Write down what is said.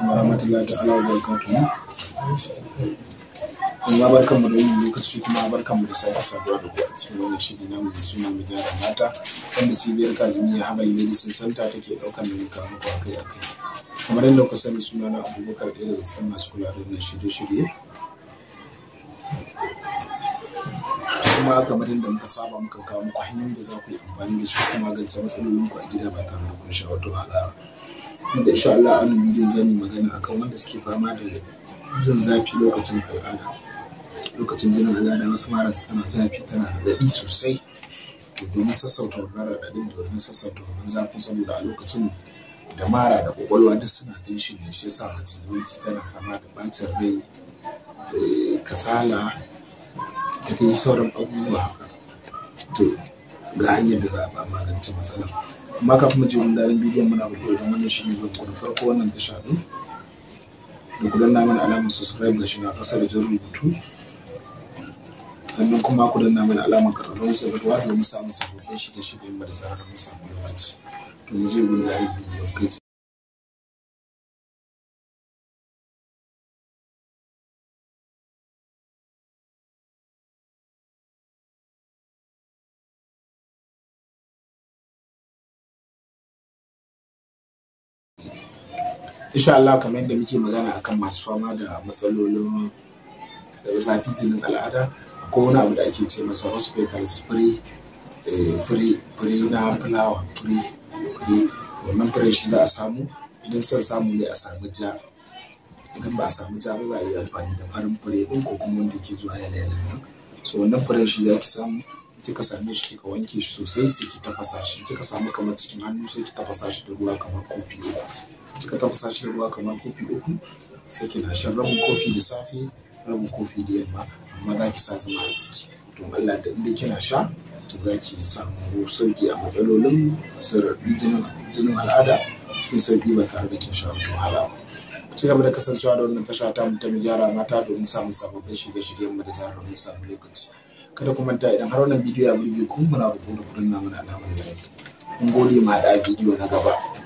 alaikum wa rahmatullahi ta'ala wa barakatuhu kuma barkan mu da wannan lokaci kuma barkan mu da sake saduwa da ku a cikin wannan shiri na mu suna mu gyara mata wanda cibiyar kazimiya habal medicine center take ɗaukan nauyin kawo muku akai akai kamar yadda ku sani suna na abubakar ɗaya daga cikin masu kula da wannan shirye-shirye kuma kamar yadda muka saba muka kawo muku hanyoyi da za ku yi amfani da su kuma magance matsalolin ku a gida ba tare da kun sha wato wahala wanda insha Allah a wannan bidiyon zan yi magana akan wanda suke fama da jin zafi lokacin al'ada lokacin jinin al'ada wasu mara tana zafi tana raɗi sosai domin sassauta wannan raɗaɗin da wannan sassauta wannan zafi saboda a lokacin da mara da kwakwalwa duk suna tension ne shi yasa mace yawanci tana fama da bacin rai eh, kasala da dai sauran abubuwa to ga hanyar da za a ba magance matsalar amma kafin mu je wani daɗin bidiyon muna roƙo idan wannan shi ne zuwa da farko wannan tasha ɗin da ku danna mana alamar subscribe ga shi na ƙasa da jin rubutu sannan kuma ku danna mana alamar ƙararrawar sabarwa domin samun sababbin shirye-shiryen mu da zarar mun samu lokaci to mu je wani daɗin bidiyon kai insha Allah kamar yadda muke magana akan masu fama da matsalolin zafi jinin al'ada ko wani abu da ake ce masa hospital spray eh, fure na fulawa fure fure wannan fure shi za a samu idan son samu ne a samu ja idan ba a samu ja ba za a yi amfani da farin fure ɗin ko kuma wanda ke zuwa yana yana nan so wannan fure shi za ki samu kika same shi kika wanke shi sosai sai ki tafasa shi kika samu kamar cikin hannu sai ki tafasa shi da ruwa kamar kofi uku ka tafasa shi ruwa kamar kofi uku sai kina shan rabin kofi da safe rabin kofi da yamma amma za ki sa zuma a ciki to Allah da inda kina sha to za ki samu sauki a matsalolin sarrafi jinin al'ada cikin sauki ba tare da kin sha wahala ba ci gaba da kasancewa da wannan tasha ta mutum gyara mata domin samun sababbin shirye-shiryen mu da zarar mun samu lokaci kada ku manta idan har wannan bidiyo ya burge ku muna rubuta kudin namu na alamar like mun gode ma da bidiyo na gaba